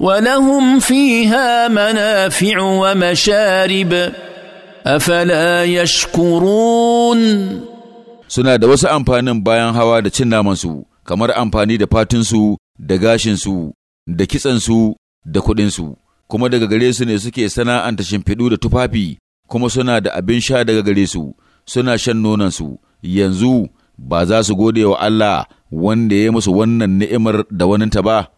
ولهم فيها منافع ومشارب أفلا يشكرون suna da wasu amfanin bayan hawa da cin namansu kamar amfani da fatinsu da gashinsu da kitsansu da kuɗinsu kuma daga gare su ne suke sana'anta shimfiɗu da tufafi kuma suna da abin sha daga gare su suna shan nonansu yanzu ba za su gode wa Allah wanda ya musu wannan ni'imar da waninta ba